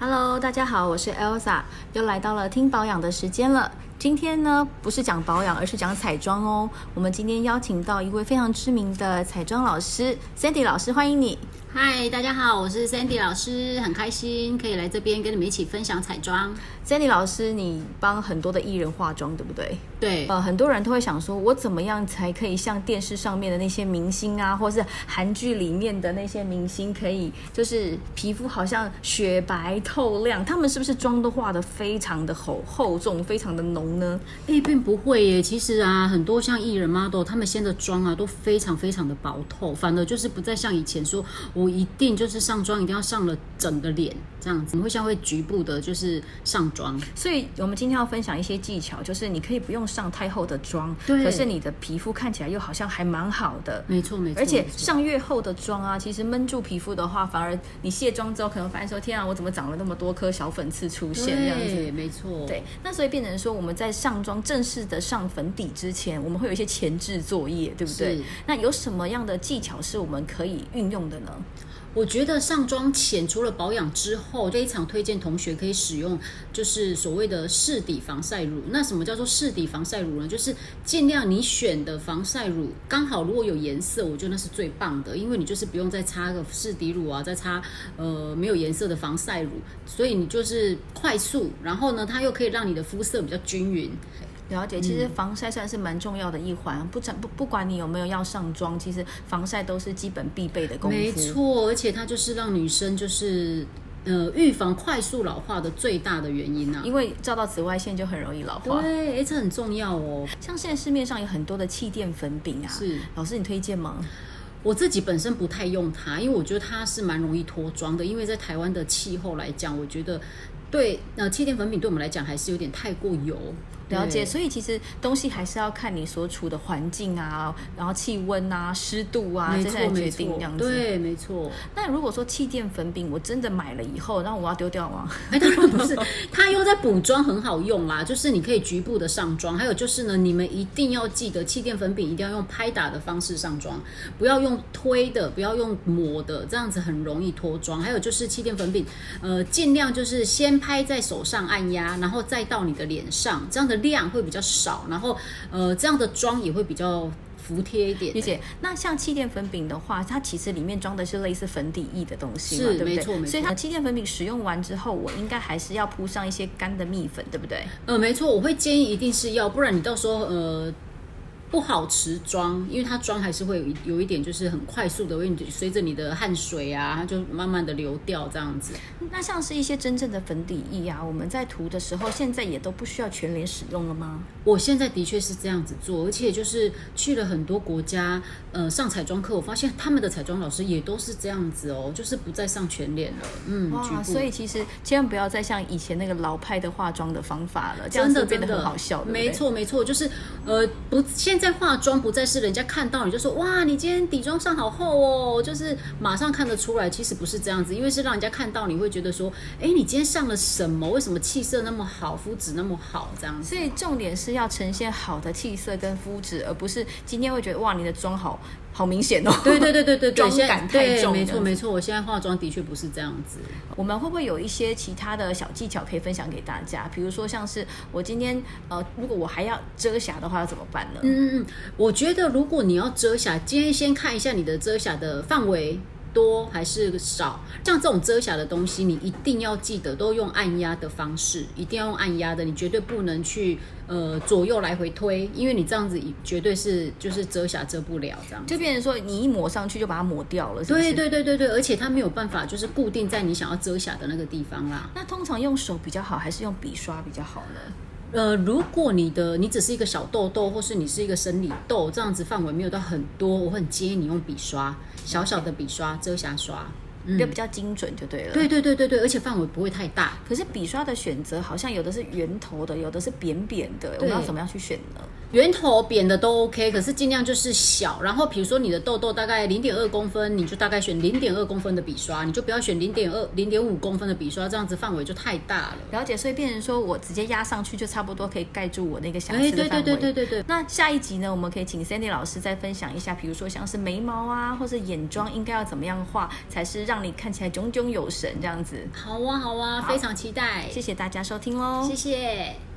Hello，大家好，我是 Elsa，又來到了聽保養的時間了。今天呢，不是講保養，而是講彩妝哦。我們今天邀請到一位非常知名的彩妝老師，Sandy 老師，歡迎你。嗨，大家好，我是 Sandy 老師，很開心可以來這邊跟你們一起分享彩妝。Sandy 老師，你幫很多的藝人化妝，對不對？對。呃，很多人都會想說，我怎麼樣才可以像電視上面的那些明星啊，或是韓劇裡面的那些明星，可以就是皮膚好像雪白透亮，他們是不是妝都化得非常的厚厚重，非常的濃？哎，並不會耶。其實啊，很多像藝人、model，他們現在的妝啊，都非常非常的薄透，反而就是不再像以前說，我一定就是上妝一定要上了整個臉這樣子，我們會像會局部的，就是上妝。所以我們今天要分享一些技巧，就是你可以不用上太厚的妝，對，可是你的皮膚看起來又好像還蠻好的，沒錯沒錯。而且上越厚的妝啊，其實悶住皮膚的話，反而你卸妝之後，可能發現說，天啊，我怎麼長了那麼多顆小粉刺出現這樣子，也沒錯，對。那所以變成說，我們在在上妝正式的上粉底之前，我們會有一些前置作業，對不對？那有什麼樣的技巧是我們可以運用的呢？我覺得上妝前除了保養之後，非常推薦同學可以使用，就是所謂的飾底防曬乳。那什麼叫做飾底防曬乳呢？就是儘量你選的防曬乳剛好如果有顏色，我覺得那是最棒的，因為你就是不用再擦個飾底乳啊，再擦呃沒有顏色的防曬乳，所以你就是快速，然後呢，它又可以讓你的膚色比較均勻。了解，其實防曬算是蠻重要的一環，嗯、不不不管你有沒有要上妝，其實防曬都是基本必備的功夫。沒錯，而且它就是讓女生就是呃預防快速老化的最大的原因吶、啊，因為照到紫外線就很容易老化。對，哎，這很重要哦。像現在市面上有很多的氣墊粉餅啊，是老師你推薦嗎？我自己本身不太用它，因為我覺得它是蠻容易脫妝的。因為在台灣的氣候來講，我覺得對呃氣墊粉餅對我們來講還是有點太過油。了解，所以其實東西還是要看你所處的環境啊，然後氣溫啊、濕度啊，再來決定這樣子。對，沒錯。那如果說氣墊粉餅我真的買了以後，那我要丟掉啊？哎、欸，當然不是，它 用在補妝，很好用啦。就是你可以局部的上妝，還有就是呢，你們一定要記得氣墊粉餅一定要用拍打的方式上妝，不要用推的，不要用抹的，這樣子很容易脫妝。還有就是氣墊粉餅，呃，盡量就是先拍在手上按壓，然後再到你的臉上，這樣的。量會比較少，然後，呃，這樣的妝也會比較服帖一點，謝謝。那像氣墊粉餅的話，它其實裡面裝的是類似粉底液的東西嘛，是，對不對？沒錯，沒錯。所以它氣墊粉餅使用完之後，我應該還是要鋪上一些乾的蜜粉，對不對？呃，沒錯，我會建議一定是要，不然你到時候呃。不好持妝，因為它妝還是會有一有一點，就是很快速的，為你隨着你的汗水啊，它就慢慢的流掉這樣子。那像是一些真正的粉底液啊，我們在塗的時候，現在也都不需要全臉使用了嗎？我現在的確是這樣子做，而且就是去了很多國家，呃，上彩妝課，我發現他們的彩妝老師也都是這樣子哦，就是不再上全臉了。嗯，哇，所以其實千萬不要再像以前那個老派的化妝的方法了，真的變得很好笑。沒錯沒錯，沒錯就是呃，不現。在化妝不再是人家看到你就說，哇，你今天底妝上好厚哦，就是馬上看得出來。其實不是這樣子，因為是讓人家看到你會覺得說，哎，你今天上了什麼？為什麼氣色那麼好，膚質那麼好？這樣子，所以重點是要呈現好的氣色跟膚質，而不是今天會覺得哇，你的妝好好明顯哦！對對對對對對，妝感太重。沒錯沒錯，我現在化妝的確不是這樣子。我們會不會有一些其他的小技巧可以分享給大家？比如說，像是我今天呃，如果我還要遮瑕的話，要怎麼辦呢？嗯嗯嗯，我覺得如果你要遮瑕，今天先看一下你的遮瑕的範圍。多還是少？像這種遮瑕的東西，你一定要記得都用按壓的方式，一定要用按壓的，你絕對不能去呃左右來回推，因為你這樣子絕對是就是遮瑕遮不了，這樣就變成說你一抹上去就把它抹掉了。對對對對對，而且它沒有辦法就是固定在你想要遮瑕的那個地方啦。那通常用手比較好，還是用筆刷比較好呢？呃，如果你的你只是一個小痘痘，或是你是一個生理痘，這樣子範圍沒有到很多，我很建議你用筆刷，小小的筆刷，Okay. 遮瑕刷。比較，比較精準就對了。對、嗯、對對對對，而且範圍不會太大。可是筆刷的選擇好像有的是圓頭的，有的是扁扁的，我們要怎麼樣去選呢？圓頭扁的都 OK，可是盡量就是小。然後比如說你的痘痘大概零點二公分，你就大概選零點二公分的筆刷，你就不要選零點二、零點五公分的筆刷，這樣子範圍就太大了。了解，所以變成說我直接壓上去就差不多可以蓋住我那個瑕疵的範圍。欸、對、對、對對對對對對。那下一集呢，我們可以請 Sandy 老師再分享一下，比如說像是眉毛啊，或是眼妝應該要怎麼樣畫才是讓讓你看起來炯炯有神，這樣子。好哇、啊啊，好哇，非常期待。謝謝大家收聽嘍，謝謝。